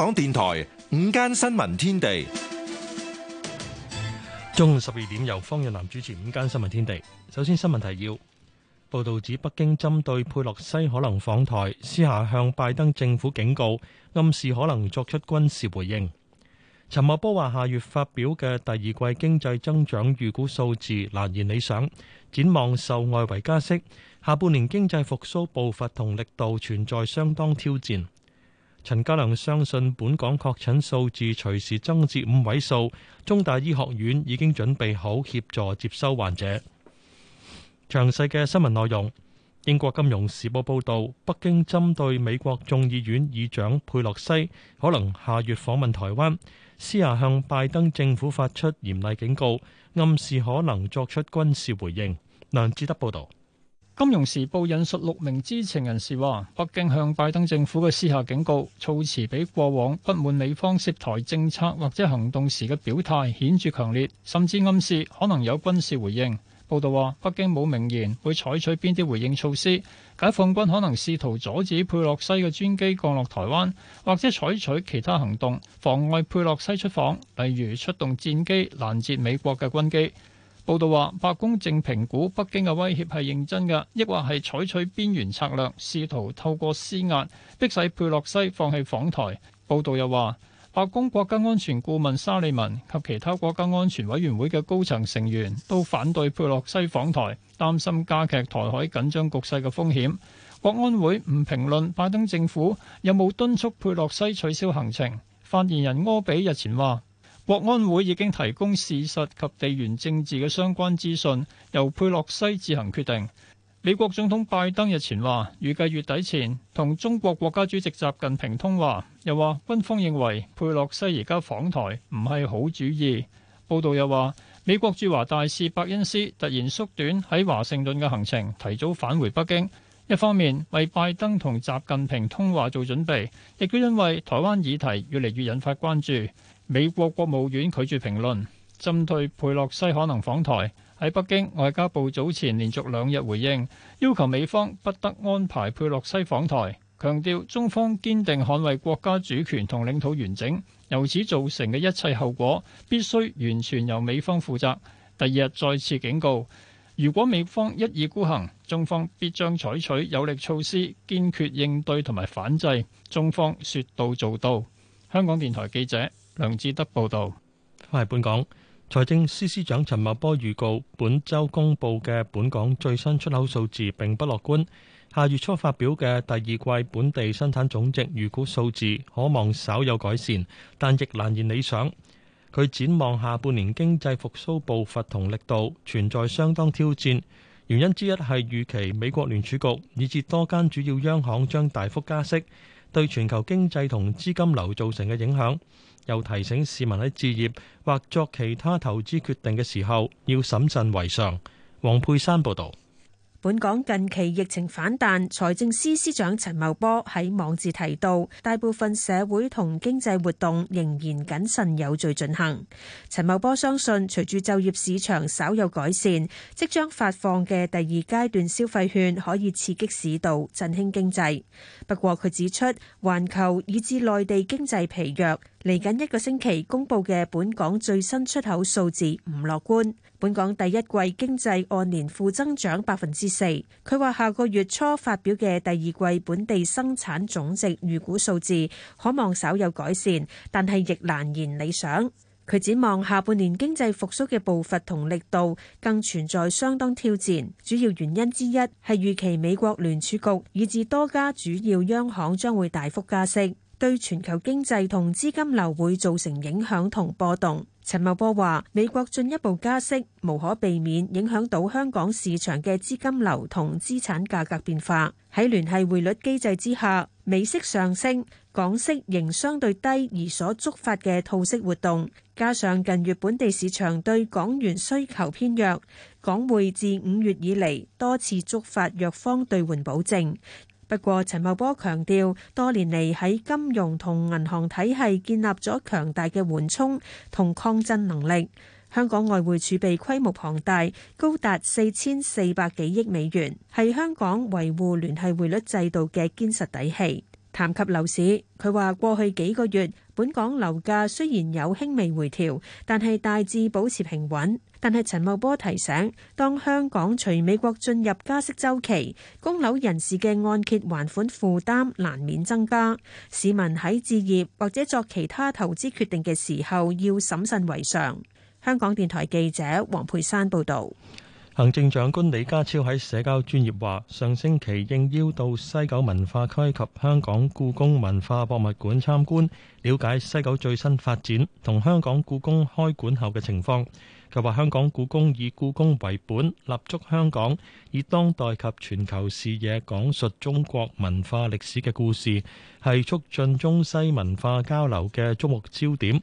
香港電台午間新聞天地，中午十二點，由方潤南主持午間新聞天地。首先新聞提要：報道指北京針對佩洛西可能訪台，私下向拜登政府警告，暗示可能作出軍事回應。陳茂波話：下月發表嘅第二季經濟增長預估數字難言理想，展望受外圍加息，下半年經濟復蘇步伐同力度存在相當挑戰。陳家亮相信本港確診數字隨時增至五位數，中大醫學院已經準備好協助接收患者。詳細嘅新聞內容，英國金融時報報道，北京針對美國眾議院議長佩洛西可能下月訪問台灣，私下向拜登政府發出嚴厲警告，暗示可能作出軍事回應。梁志德報道。金融時報引述六名知情人士話，北京向拜登政府嘅私下警告措辭比過往不滿美方涉台政策或者行動時嘅表態顯著強烈，甚至暗示可能有軍事回應。報道話，北京冇明言會採取邊啲回應措施，解放軍可能試圖阻止佩洛西嘅專機降落台灣，或者採取其他行動妨礙佩洛西出訪，例如出動戰機攔截美國嘅軍機。報道話，白宮正評估北京嘅威脅係認真嘅，抑或係採取邊緣策略，試圖透過施壓逼使佩洛西放棄訪台。報道又話，白宮國家安全顧問沙利文及其他國家安全委員會嘅高層成員都反對佩洛西訪台，擔心加劇台海緊張局勢嘅風險。國安會唔評論拜登政府有冇敦促佩洛西取消行程。發言人柯比日前話：國安會已經提供事實及地緣政治嘅相關資訊，由佩洛西自行決定。美國總統拜登日前話預計月底前同中國國家主席習近平通話，又話軍方認為佩洛西而家訪台唔係好主意。報道又話，美國駐華大使伯恩斯突然縮短喺華盛頓嘅行程，提早返回北京，一方面為拜登同習近平通話做準備，亦都因為台灣議題越嚟越引發關注。美國國務院拒絕評論，針對佩洛西可能訪台。喺北京外交部早前連續兩日回應，要求美方不得安排佩洛西訪台，強調中方堅定捍衛國家主權同領土完整，由此造成嘅一切後果必須完全由美方負責。第二日再次警告，如果美方一意孤行，中方必將採取有力措施，堅決應對同埋反制。中方說到做到。香港電台記者。梁志德報道，喺本港，財政司司長陳茂波預告，本周公布嘅本港最新出口數字並不樂觀，下月初發表嘅第二季本地生產總值預估數字，可望稍有改善，但亦難言理想。佢展望下半年經濟復蘇步伐同力度存在相當挑戰，原因之一係預期美國聯儲局以至多間主要央行將大幅加息。對全球經濟同資金流造成嘅影響，又提醒市民喺置業或作其他投資決定嘅時候，要審慎為上。黃佩珊報導。本港近期疫情反彈，財政司司長陳茂波喺網誌提到，大部分社會同經濟活動仍然謹慎有序進行。陳茂波相信，隨住就業市場稍有改善，即將發放嘅第二階段消費券可以刺激市道，振興經濟，不過，佢指出，環球以至內地經濟疲弱。嚟緊一個星期公佈嘅本港最新出口數字唔樂觀，本港第一季經濟按年負增長百分之四。佢話下個月初發表嘅第二季本地生產總值預估數字可望稍有改善，但係亦難言理想。佢展望下半年經濟復甦嘅步伐同力度更存在相當挑戰，主要原因之一係預期美國聯儲局以至多家主要央行將會大幅加息。對全球經濟同資金流會造成影響同波動。陳茂波話：美國進一步加息，無可避免影響到香港市場嘅資金流同資產價格變化。喺聯繫匯率機制之下，美息上升，港息仍相對低，而所觸發嘅套息活動，加上近月本地市場對港元需求偏弱，港匯自五月以嚟多次觸發弱方兌換保證。不過，陳茂波強調，多年嚟喺金融同銀行體系建立咗強大嘅緩衝同抗震能力。香港外匯儲備規模龐大，高達四千四百幾億美元，係香港維護聯繫匯率制度嘅堅實底氣。談及樓市，佢話過去幾個月本港樓價雖然有輕微回調，但係大致保持平穩。但係陳茂波提醒，當香港隨美國進入加息週期，供樓人士嘅按揭還款負擔難免增加。市民喺置業或者作其他投資決定嘅時候，要審慎為上。香港電台記者黃佩珊報導。行政長官李家超喺社交專頁話：上星期應邀到西九文化區及香港故宮文化博物館參觀，了解西九最新發展同香港故宮開館後嘅情況。佢話：香港故宮以故宮為本，立足香港，以當代及全球視野講述中國文化歷史嘅故事，係促進中西文化交流嘅矚目焦點。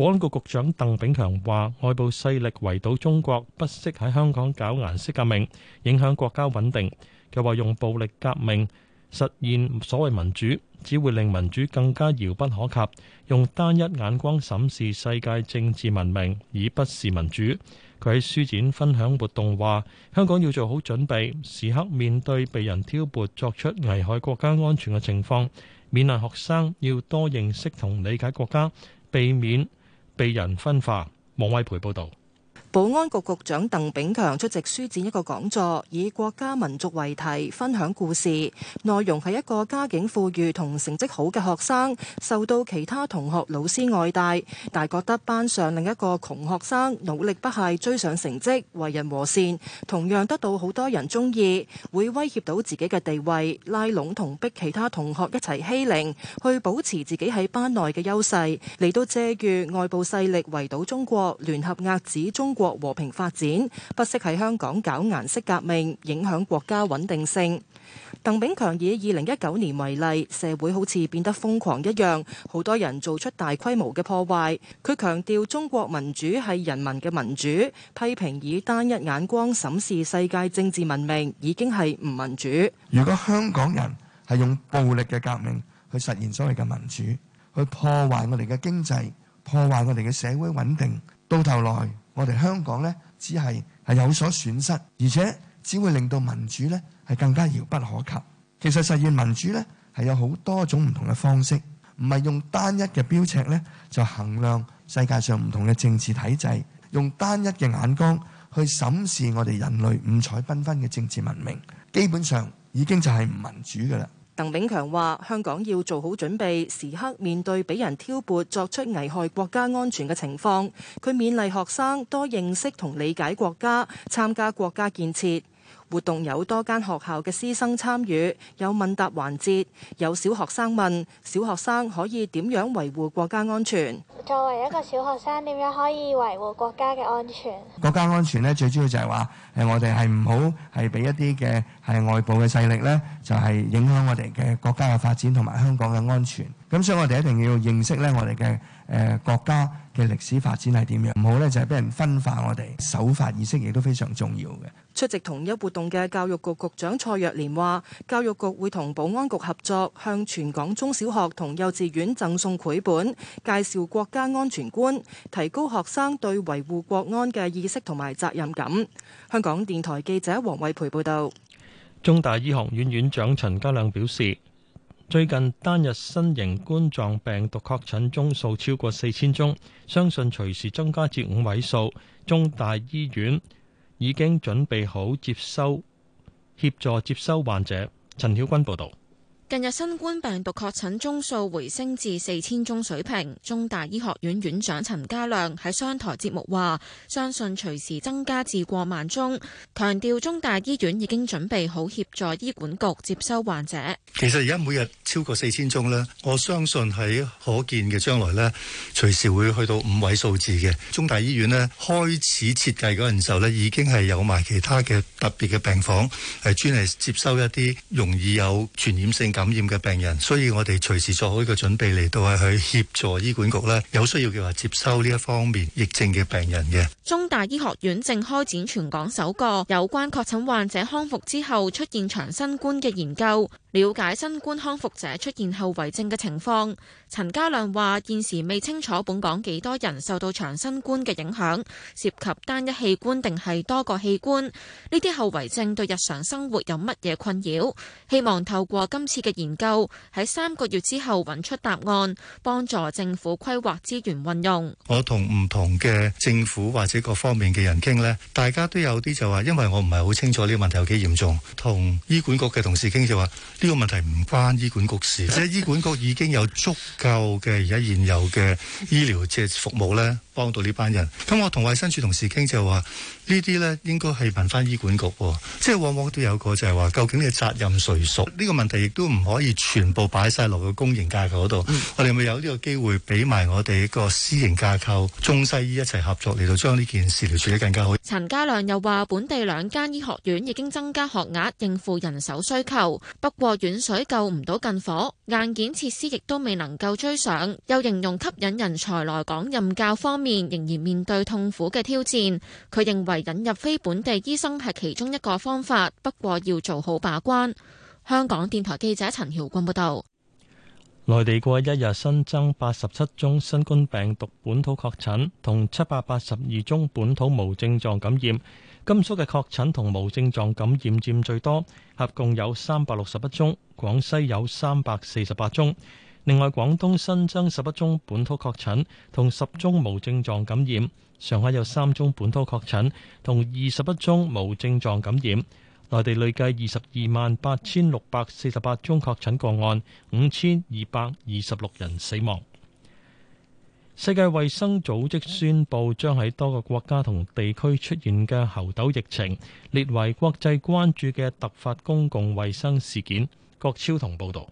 保安局局長鄧炳強話：外部勢力圍堵中國，不惜喺香港搞顏色革命，影響國家穩定。佢話用暴力革命實現所謂民主，只會令民主更加遙不可及。用單一眼光審視世界政治文明，而不是民主。佢喺書展分享活動話：香港要做好準備，時刻面對被人挑撥作出危害國家安全嘅情況。勉勵學生要多認識同理解國家，避免。被人分化。王偉培報道。保安局局長鄧炳強出席書展一個講座，以國家民族為題分享故事。內容係一個家境富裕同成績好嘅學生，受到其他同學老師愛戴，但覺得班上另一個窮學生努力不懈追上成績，為人和善，同樣得到好多人中意，會威脅到自己嘅地位，拉攏同逼其他同學一齊欺凌，去保持自己喺班內嘅優勢，嚟，到借喻外部勢力圍堵中國，聯合遏止中國和平發展，不惜喺香港搞顏色革命，影響國家穩定性。鄧炳強以二零一九年為例，社會好似變得瘋狂一樣，好多人做出大規模嘅破壞。佢強調，中國民主係人民嘅民主，批評以單一眼光審視世界政治文明，已經係唔民主。如果香港人係用暴力嘅革命去實現所謂嘅民主，去破壞我哋嘅經濟，破壞我哋嘅社會穩定，到頭來，我哋香港呢，只係係有所損失，而且只會令到民主呢係更加遙不可及。其實實現民主呢，係有好多種唔同嘅方式，唔係用單一嘅標尺呢，就衡量世界上唔同嘅政治體制，用單一嘅眼光去審視我哋人類五彩繽紛嘅政治文明，基本上已經就係唔民主噶啦。鄧炳強話：香港要做好準備，時刻面對俾人挑撥作出危害國家安全嘅情況。佢勉勵學生多認識同理解國家，參加國家建設。活動有多間學校嘅師生參與，有問答環節，有小學生問：小學生可以點樣維護國家安全？作為一個小學生，點樣可以維護國家嘅安全？國家安全呢，最主要就係話，係我哋係唔好係俾一啲嘅係外部嘅勢力呢，就係影響我哋嘅國家嘅發展同埋香港嘅安全。咁所以我哋一定要認識咧，我哋嘅誒國家嘅歷史發展係點樣，唔好呢，就係俾人分化我哋。守法意識亦都非常重要嘅。出席同一活動嘅教育局局長蔡若蓮話：教育局會同保安局合作，向全港中小學同幼稚園贈送繪本，介紹國家安全觀，提高學生對維護國安嘅意識同埋責任感。香港電台記者黃慧培報導。中大醫學院院，院長陳家亮表示。最近單日新型冠狀病毒確診宗數超過四千宗，相信隨時增加至五位數，中大醫院已經準備好接收，協助接收患者。陳曉君報道。近日新冠病毒確診宗數回升至四千宗水平，中大醫學院院長陳家亮喺商台節目話：相信隨時增加至過萬宗，強調中大醫院已經準備好協助醫管局接收患者。其實而家每日超過四千宗咧，我相信喺可見嘅將來咧，隨時會去到五位數字嘅。中大醫院咧，開始設計嗰陣時候咧，已經係有埋其他嘅特別嘅病房，係專係接收一啲容易有傳染性。感染嘅病人，所以我哋隨時做好一個準備嚟到係去協助醫管局咧，有需要嘅話接收呢一方面疫症嘅病人嘅。中大醫學院正開展全港首個有關確診患者康復之後出現長新冠嘅研究，了解新冠康復者出現後遺症嘅情況。陳家亮話：現時未清楚本港幾多人受到長新冠嘅影響，涉及單一器官定係多個器官？呢啲後遺症對日常生活有乜嘢困擾？希望透過今次嘅研究，喺三個月之後搵出答案，幫助政府規劃資源運用。我同唔同嘅政府或者各方面嘅人傾呢，大家都有啲就話，因為我唔係好清楚呢個問題有幾嚴重。同醫管局嘅同事傾就話，呢、這個問題唔關醫管局事，即係 醫管局已經有足。舊嘅而家現有嘅醫療即係服務咧。幫到呢班人，咁我同衞生署同事傾就話，呢啲呢應該係問翻醫管局，即係往往都有個就係話，究竟你嘅責任誰屬？呢個問題亦都唔可以全部擺晒落個公營架構嗰度。我哋咪有呢個機會，俾埋我哋個私營架構中西醫一齊合作，嚟到將呢件事嚟處理更加好。陳家亮又話，本地兩間醫學院已經增加學額應付人手需求，不過遠水救唔到近火，硬件設施亦都未能夠追上。又形容吸引人才來港任教方面，仍然面對痛苦嘅挑戰，佢認為引入非本地醫生係其中一個方法，不過要做好把關。香港電台記者陳曉君報導，內地過一日新增八十七宗新冠病毒本土確診，同七百八十二宗本土無症狀感染。甘肅嘅確診同無症狀感染佔最多，合共有三百六十一宗；廣西有三百四十八宗。另外，廣東新增十一宗本土確診同十宗無症狀感染，上海有三宗本土確診同二十一宗無症狀感染。內地累計二十二萬八千六百四十八宗確診個案，五千二百二十六人死亡。世界衛生組織宣布將喺多個國家同地區出現嘅猴痘疫情列為國際關注嘅突發公共衛生事件。郭超同報導。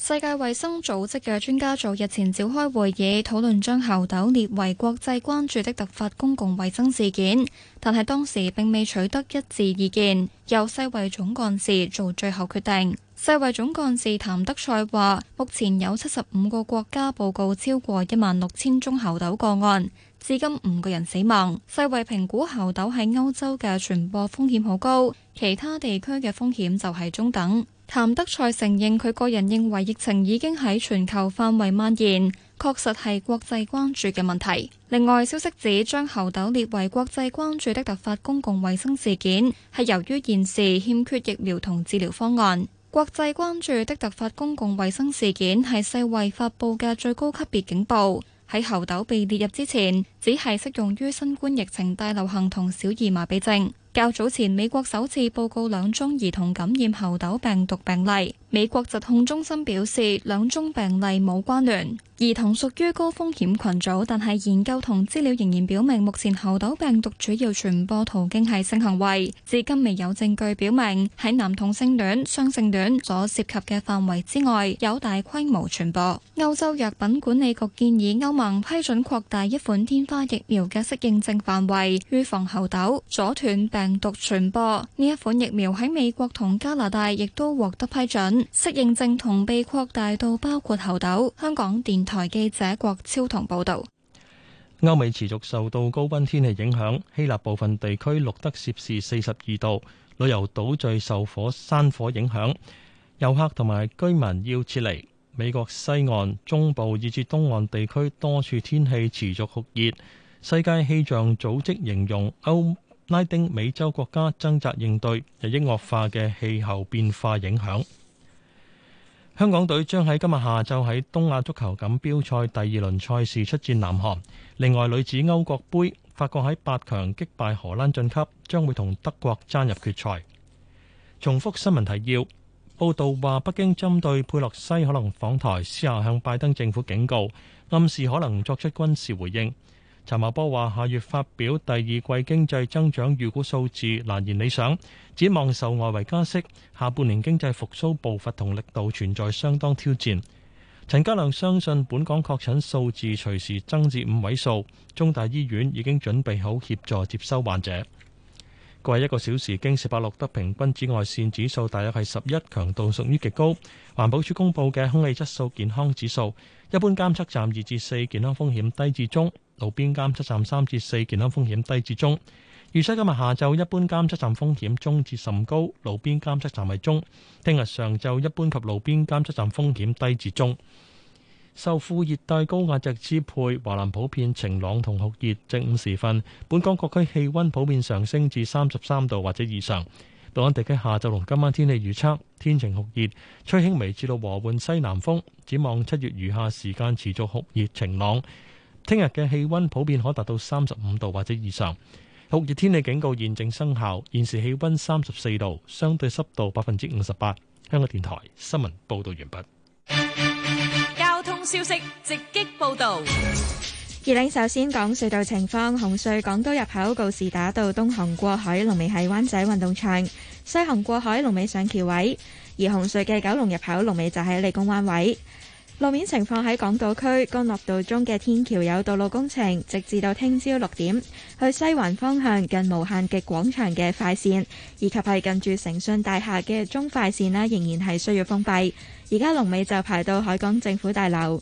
世界衛生組織嘅專家組日前召開會議，討論將猴痘列為國際關注的突發公共衛生事件，但係當時並未取得一致意見，由世衛總幹事做最後決定。世衛總幹事譚德賽話：目前有七十五個國家報告超過一萬六千宗猴痘個案，至今五個人死亡。世衛評估猴痘喺歐洲嘅傳播風險好高，其他地區嘅風險就係中等。譚德賽承認佢個人認為疫情已經喺全球範圍蔓延，確實係國際關注嘅問題。另外，消息指將猴痘列為國際關注的突發公共衛生事件，係由於現時欠缺疫苗同治療方案。國際關注的突發公共衛生事件係世衛發布嘅最高級別警報。喺猴痘被列入之前，只係適用於新冠疫情大流行同小兒麻痹症。較早前，美國首次報告兩宗兒童感染猴痘病毒病例。美國疾控中心表示，兩宗病例冇關聯。兒童屬於高風險群組，但係研究同資料仍然表明，目前猴痘病毒主要傳播途徑係性行為。至今未有證據表明喺男同性戀、雙性戀所涉及嘅範圍之外有大規模傳播。歐洲藥品管理局建議歐盟批准擴大一款天花疫苗嘅適應症範圍，預防猴痘，阻斷病毒。病毒傳播，呢一款疫苗喺美國同加拿大亦都獲得批准，適應症同被擴大到包括猴痘。香港電台記者郭超同報道。歐美持續受到高溫天氣影響，希臘部分地區錄得攝氏四十二度，旅遊島嶼，受火山火影響，遊客同埋居民要撤離。美國西岸中部以至東岸地區多處天氣持續酷熱。世界氣象組織形容歐。拉丁美洲國家掙扎應對日益惡化嘅氣候變化影響。香港隊將喺今日下晝喺東亞足球錦標賽第二輪賽事出戰南韓。另外，女子歐國盃，法國喺八強擊敗荷蘭晉級，將會同德國爭入決賽。重複新聞提要報道話，北京針對佩洛西可能訪台，私下向拜登政府警告，暗示可能作出軍事回應。陳茂波話，下月發表第二季經濟增長預估數字難言理想，展望受外圍加息，下半年經濟復蘇步伐同力度存在相當挑戰。陳家亮相信本港確診數字隨時增至五位數，中大醫院已經準備好協助接收患者。過去一個小時，京士柏錄得平均紫外綫指數大約係十一，強度屬於極高。環保署公布嘅空氣質素健康指數，一般監測站二至四，健康風險低至中。路邊監測站三至四，健康風險低至中，預測今日下晝一般監測站風險中至甚高，路邊監測站為中。聽日上晝一般及路邊監測站風險低至中。受副熱帶高壓脊支配，華南普遍晴朗同酷熱，正午時分，本港各區氣溫普遍上升至三十三度或者以上。本港地區下晝同今晚天氣預測天晴酷熱，吹輕微至到和緩西南風，展望七月餘下時間持續酷熱晴朗。聽日嘅氣溫普遍可達到三十五度或者以上，酷熱天氣警告現正生效。現時氣溫三十四度，相對濕度百分之五十八。香港電台新聞報道完畢。交通消息直擊報道。傑玲首先講隧道情況：紅隧港島入口告士打道東行過海龍尾喺灣仔運動場，西行過海龍尾上橋位；而紅隧嘅九龍入口龍尾就喺理工灣位。路面情況喺港島區，干諾道中嘅天橋有道路工程，直至到聽朝六點；去西環方向近無限極廣場嘅快線，以及係近住誠信大廈嘅中快線啦，仍然係需要封閉。而家龍尾就排到海港政府大樓。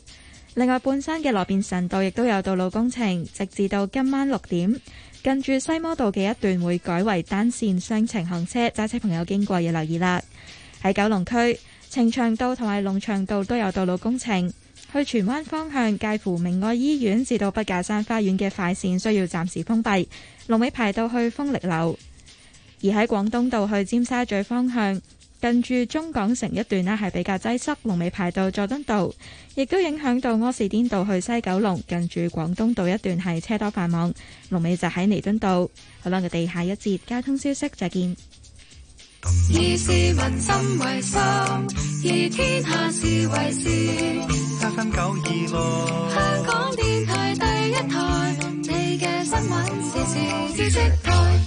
另外，半山嘅羅便臣道亦都有道路工程，直至到今晚六點。近住西摩道嘅一段會改為單線雙程行車，揸車朋友經過要留意啦。喺九龍區，呈祥道同埋龍翔道都有道路工程，去荃灣方向介乎明愛醫院至到筆架山花園嘅快線需要暫時封閉，龍尾排到去豐力樓。而喺廣東道去尖沙咀方向，近住中港城一段呢係比較擠塞，龍尾排到佐敦道，亦都影響到柯士甸道去西九龍，近住廣東道一段係車多繁忙，龍尾就喺彌敦道。好啦，我哋下一節交通消息再見。以市民心為心，以天下事為事。香港電台第一台，你嘅新聞時事知識台。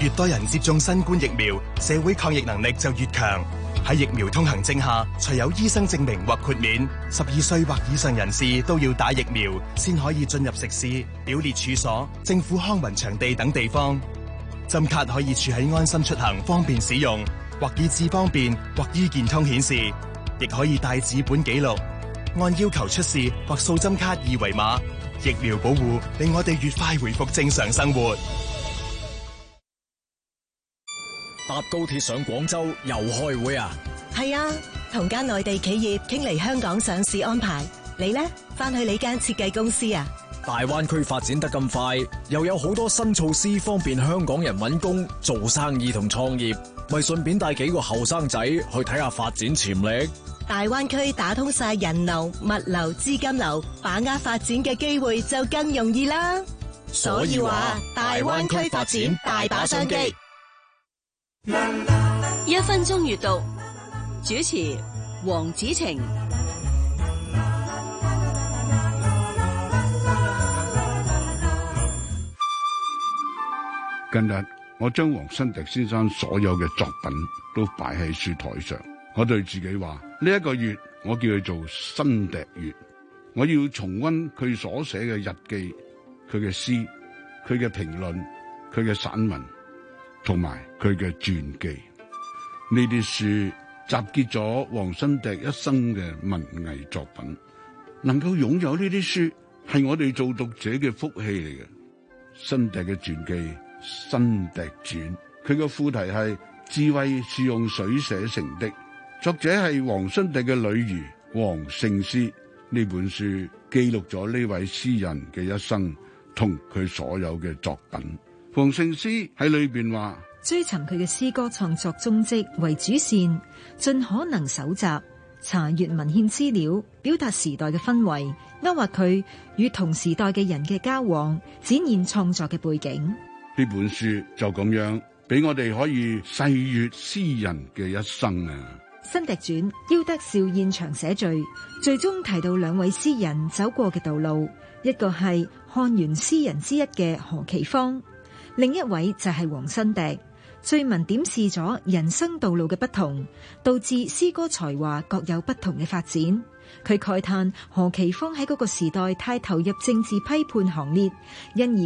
越多人接種新冠疫苗，社會抗疫能力就越強。喺疫苗通行證下，除有醫生證明或豁免，十二歲或以上人士都要打疫苗，先可以進入食肆、表列處所、政府康文場地等地方。針卡可以儲喺安心出行，方便使用；或以智方便，或醫健通顯示，亦可以帶紙本記錄，按要求出示或掃針卡二維碼。疫苗保護令我哋越快回復正常生活。搭高鐵上廣州又開會啊？係啊，同間內地企業傾嚟香港上市安排。你呢？返去你間設計公司啊？大灣區發展得咁快，又有好多新措施方便香港人揾工、做生意同創業，咪順便帶幾個後生仔去睇下發展潛力。大灣區打通晒人流、物流、資金流，把握發展嘅機會就更容易啦。所以話，大灣區發展大把商機。一分鐘閱讀，主持黃子晴。今日我將黃新迪先生所有嘅作品都擺喺書台上，我對自己話：呢、這、一個月我叫佢做新迪月，我要重溫佢所寫嘅日記、佢嘅詩、佢嘅評論、佢嘅散文，同埋佢嘅傳記。呢啲書集結咗黃新迪一生嘅文藝作品，能夠擁有呢啲書係我哋做讀者嘅福氣嚟嘅。新迪嘅傳記。辛笛傳，佢個副題係《智慧是用水寫成的》，作者係王辛笛嘅女兒王聖思。呢本書記錄咗呢位詩人嘅一生同佢所有嘅作品。王聖思喺裏邊話：追尋佢嘅詩歌創作蹤跡為主線，盡可能搜集查閱文獻資料，表達時代嘅氛圍，勾畫佢與同時代嘅人嘅交往，展現創作嘅背景。呢本書就咁樣俾我哋可以細閱詩人嘅一生啊！新笛傳，邀德少現場寫序，最終提到兩位詩人走過嘅道路，一個係漢元詩人之一嘅何其芳，另一位就係王新笛。序文點示咗人生道路嘅不同，導致詩歌才華各有不同嘅發展。佢慨嘆何其芳喺嗰個時代太投入政治批判行列，因而。